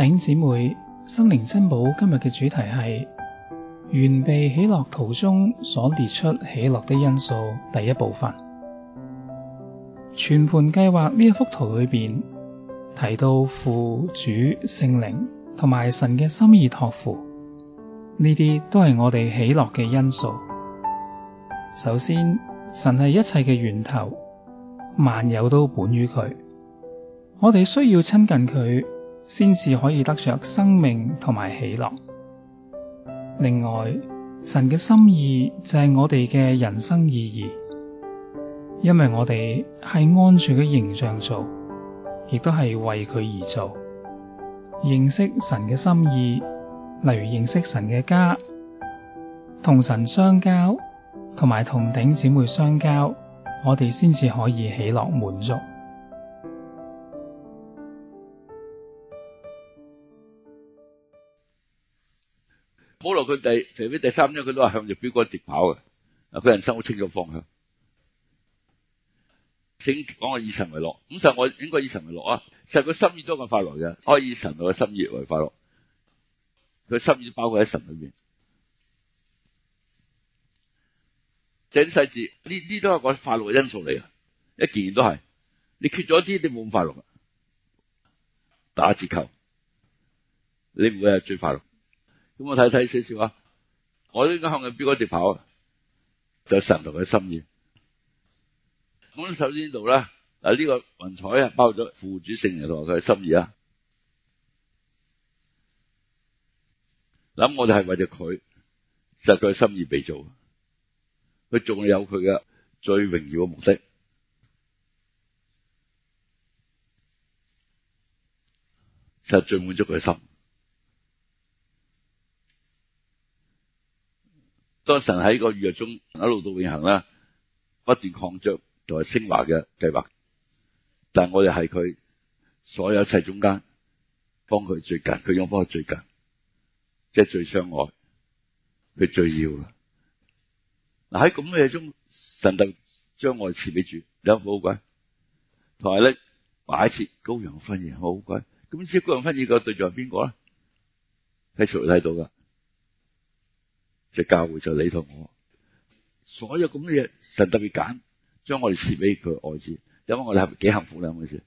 弟兄姊妹，心靈珍寶今日嘅主題係《完備喜樂圖》中所列出喜樂的因素，第一部分全盤計劃呢一幅圖裏邊提到父主聖靈同埋神嘅心意托付，呢啲都係我哋喜樂嘅因素。首先，神係一切嘅源頭，萬有都本於佢，我哋需要親近佢。先至可以得着生命同埋喜樂。另外，神嘅心意就係我哋嘅人生意義，因為我哋係按住佢形象做，亦都係為佢而做。認識神嘅心意，例如認識神嘅家，同神相交，同埋同弟兄姊妹相交，我哋先至可以喜樂滿足。保羅佢哋腓立比第三章佢都係向住標杆直跑嘅，啊佢人生好清楚方向，請講我以神為樂，咁實我應該以神為樂啊，實佢心意多過快樂嘅，我以神為心意樂為快樂，佢心意包括喺神裏面，整細節呢呢都係個快樂因素嚟嘅，一件件都係，你缺咗啲你冇咁快樂，打折扣你唔會係最快樂。咁我睇睇少少啊，我應該向嘅邊個直跑啊？就神同佢心意。咁首先呢度咧，嗱，呢個雲彩啊，包咗副主席同佢心意啊。諗我哋係為咗佢，實際係心意被造。佢仲有佢嘅最榮耀嘅目的，實在最滿足佢心。當神喺個預約中一路到永恆啦，不斷擴張同埋升華嘅計劃，但係我哋係佢所有一切中間幫佢最近，佢讓我最近，即係最相愛，佢最要。嗱喺咁嘅中，神就將愛賜俾主，有冇好鬼？同埋咧，擺設羔羊婚宴，好鬼。咁呢啲羔羊婚宴嘅對象係邊個咧？喺誰睇到噶？就是、教會就是、你同我，所有咁嘅嘢，神特別揀，將我哋賜俾佢愛子，因為我哋係幾幸福兩回事。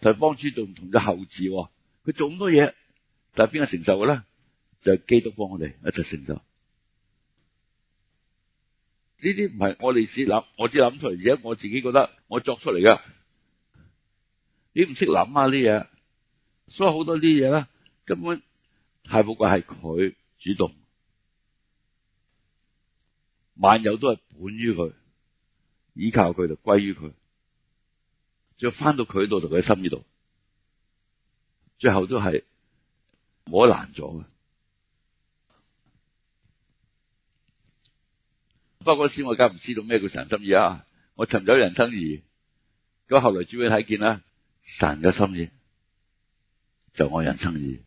就係、是、幫主後做唔同嘅後志，佢做咁多嘢，但係邊個承受嘅咧？就係、是、基督幫我哋一齊承受。呢啲唔係我哋只諗，我只諗出嚟，而家我自己覺得我作出嚟嘅。你唔識諗啊啲嘢，所以好多啲嘢咧根本係不過係佢主動。萬有都係本於佢，依靠佢，就歸於佢。最後翻到佢度就佢心呢度，最後都係冇難難咗嘅。不過嗰時我梗唔知道咩叫神心意啊！我尋找人生意，咁後來終於睇見啦，神嘅心意就我人生意，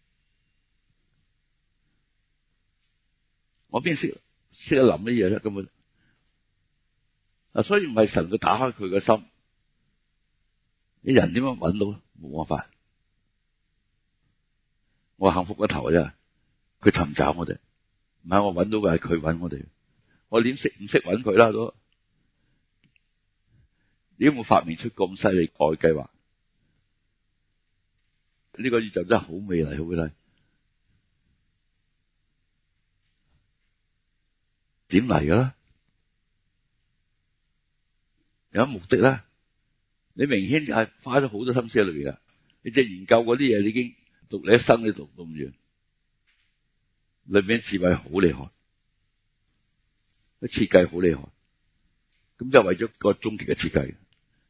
我邊識啦。識諗乜嘢咧？根本啊，所以唔係神佢打開佢個心，你人點樣揾到啊？冇辦法，我幸福個頭啊！佢尋找我哋，唔係我揾到嘅，係佢揾我哋。我點識唔識揾佢啦？都你有冇發明出咁犀利愛計劃？呢個宇宙真係好美麗，好美麗。點嚟嘅呢？有目的啦！你明顯係花咗好多心思喺裏邊啦。你即係研究嗰啲嘢，你已經讀你一生都讀唔完。裏邊設計好厲害，個設計好厲害。咁就為咗個終極嘅設計，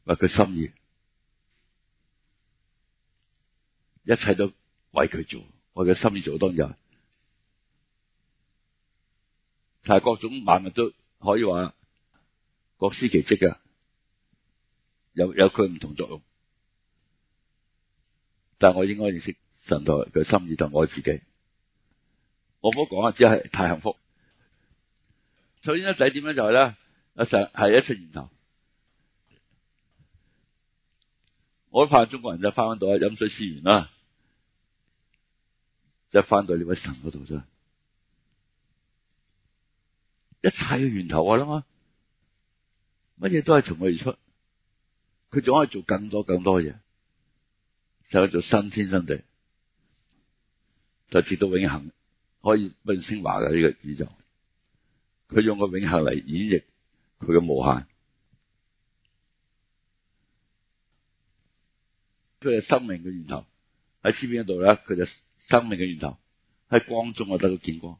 為佢心意，一切都為佢做，為佢心意做當日。係各種萬物都可以話各司其職嘅，有有佢唔同作用。但係我應該認識神代，佢心意同我自己，我唔好講啊，只係太幸福。首先一第一點樣就係、是、咧，阿神係一出源頭，我都盼中國人就翻返到去飲水思源啦，即係翻到呢位神嗰度啫。一切嘅源頭我啊啦嘛，乜嘢都係從佢而出，佢仲可以做更多更多嘢，就去做新天新地，就直到永恒可以永昇華嘅呢個宇宙。佢用個永恒嚟演繹佢嘅無限，佢係生命嘅源頭。喺前邊度咧，佢就生命嘅源頭。喺光中我得到見光。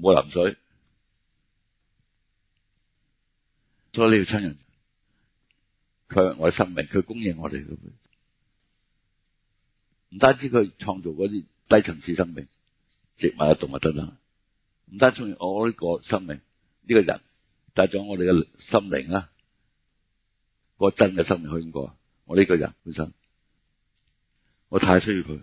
冇淋水，所以呢個親人佢係我嘅生命，佢供應我哋。唔單止佢創造嗰啲低層次生命、植物、動物得啦，唔單止我呢個生命，呢個人帶咗我哋嘅心靈啦，個真嘅生命去邊個？我呢個人本身，我太需要佢。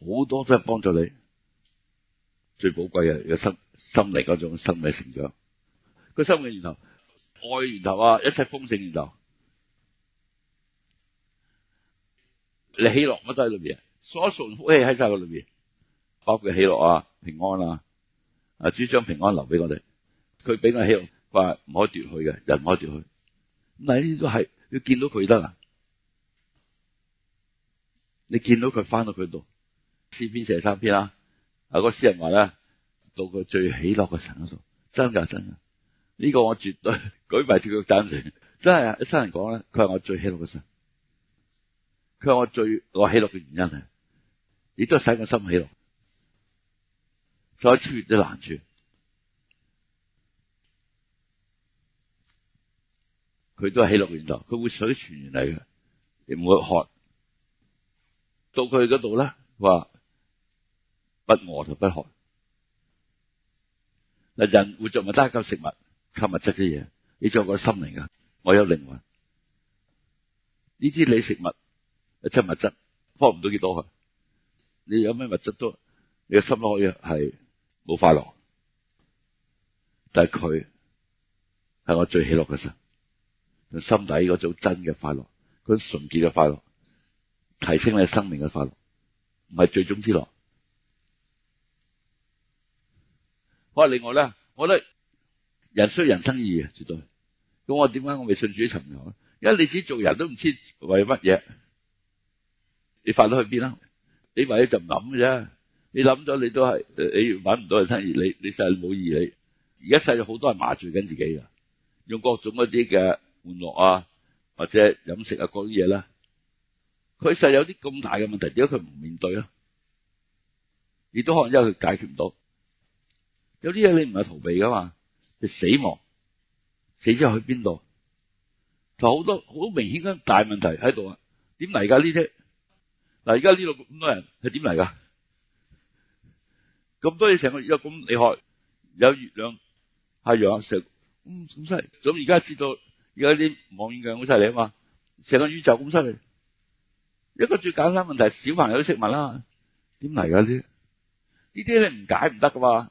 好多真係幫助你，最寶貴嘅嘅心心靈嗰種心理成長，個心理源頭愛源頭啊，一切豐盛源頭，你喜樂乜都喺裏邊，所存福氣喺晒個裏邊，包括喜樂啊、平安啊，主將平安留俾我哋，佢俾我喜樂佢話，唔可以奪去嘅，人唔可以奪去。但係呢啲都係要見到佢得啦，你見到佢返到佢度。詩篇四三篇啦，啊個詩人話咧，到個最喜樂嘅神嗰度，真就神。啊！呢個我絕對舉埋手腳贊成，真係啊！一生人講咧，佢係我最喜樂嘅神，佢係我最我喜樂嘅原因啊！亦都使我心喜樂，所有超越都難處，佢都係喜樂源頭，佢會水泉嚟嘅，你唔會渴。到佢嗰度咧，話。不餓就不渴，嗱，人活着咪得靠食物、吸物質嘅嘢。你仲有個心靈啊？我有靈魂。呢啲你食物、即係物質幫唔到幾多去，你有咩物質都，你個心可以係冇快樂。但係佢係我最喜樂嘅心，心底嗰種真嘅快樂，嗰種純潔嘅快樂，提升你生命嘅快樂，唔係最終之樂。哇！另外咧，我覺得人需要人生意義，絕對。咁我點解我未信主尋求？因為你自己做人都唔知為乜嘢，你發到去邊啦？你唯一就唔諗嘅啫。你諗咗你都係你揾唔到人生意義你你細路冇意義你，而家細路好多人麻醉緊自己㗎，用各種嗰啲嘅玩樂啊，或者飲食啊各啲嘢啦。佢細有啲咁大嘅問題，點解佢唔面對啊？亦都可能因為佢解決唔到。有啲嘢你唔係逃避噶嘛，就死亡，死咗去邊度？就好多好明顯嘅大問題喺度啊！點嚟噶呢啲？嗱，而家呢度咁多人係點嚟噶？咁多嘢成個月有咁厲害，有月亮、太陽、石，嗯咁犀利。咁而家知道而家啲望遠鏡好犀利啊嘛！成個宇宙咁犀利。一個最簡單問題係小朋友都識問啦。點嚟噶呢啲？呢啲你唔解唔得噶嘛？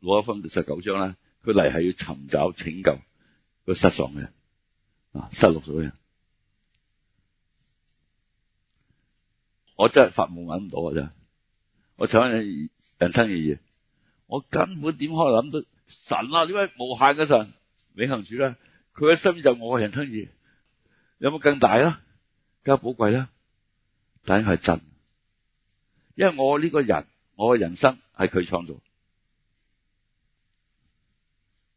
攞一分十九章啦，佢嚟係要尋找拯救個失喪嘅人，啊失落咗嘅人，我真係發夢揾唔到啊！真，我搶人人生意義，我根本點可能諗到神啊！呢位無限嘅神永恒主咧？佢嘅心就我人生意義，有冇更大啦？更加寶貴啦？但係真，因為我呢個人，我嘅人生係佢創造。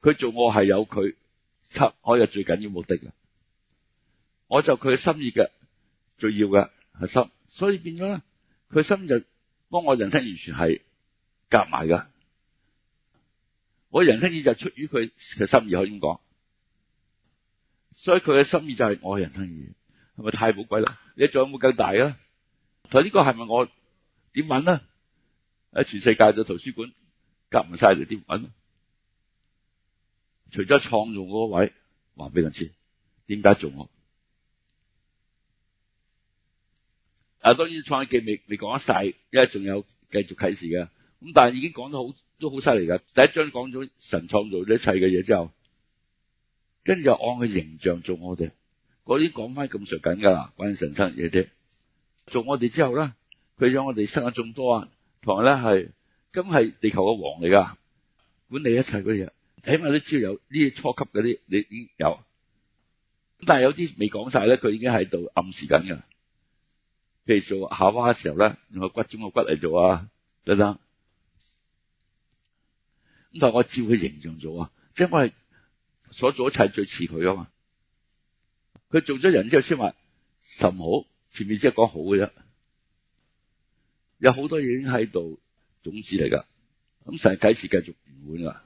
佢做我係有佢拆開嘅最緊要的目的啊！我就佢嘅心意嘅最要嘅核心，所以變咗咧，佢心意就係，幫我的人生完全係夾埋噶，我的人生意就出於佢嘅心意，可以咁講，所以佢嘅心意就係我嘅人生意，係咪太寶貴啦？你仲有冇更大啊？但呢個係咪我點揾啊？喺全世界嘅圖書館夾唔晒嚟點揾？除咗創造嗰位置，話俾人知，點解做我？啊，當然創世記未未講得晒，因為仲有繼續啟示嘅。咁但係已經講咗好都好犀利噶。第一章講咗神創造一切嘅嘢之後，跟住就按佢形象做我哋。嗰啲講翻咁熟緊噶啦，關於神生嘢啫。做我哋之後咧，佢將我哋生咗眾多啊，同埋咧係咁係地球嘅王嚟噶，管理一切嗰啲嘢。起碼都知要有呢啲初級嗰啲，你已經有，但係有啲未講晒咧，佢已經喺度暗示緊噶。譬如做夏娃嘅時候咧，用個骨中個骨嚟做啊，等等。咁但係我照佢形象做啊，即係我係所做一切最似佢啊嘛。佢做咗人之後先話甚好，前面只係講好嘅啫。有好多嘢已經喺度種子嚟噶，咁成幾次繼續完滿啊！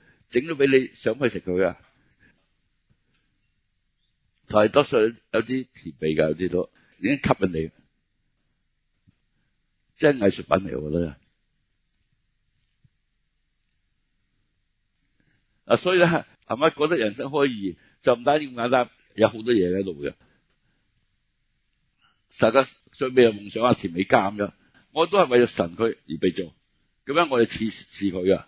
整咗俾你想去食佢啊！但係多數有啲甜味噶，有啲都已經吸引你，真係藝術品嚟，我覺得啊！所以咧，係咪覺得人生可以就唔單止咁簡單？有好多嘢喺度嘅，大家最尾嘅夢想啊，甜味加咁樣，我都係為咗神佢而被造，咁樣我哋賜賜佢噶。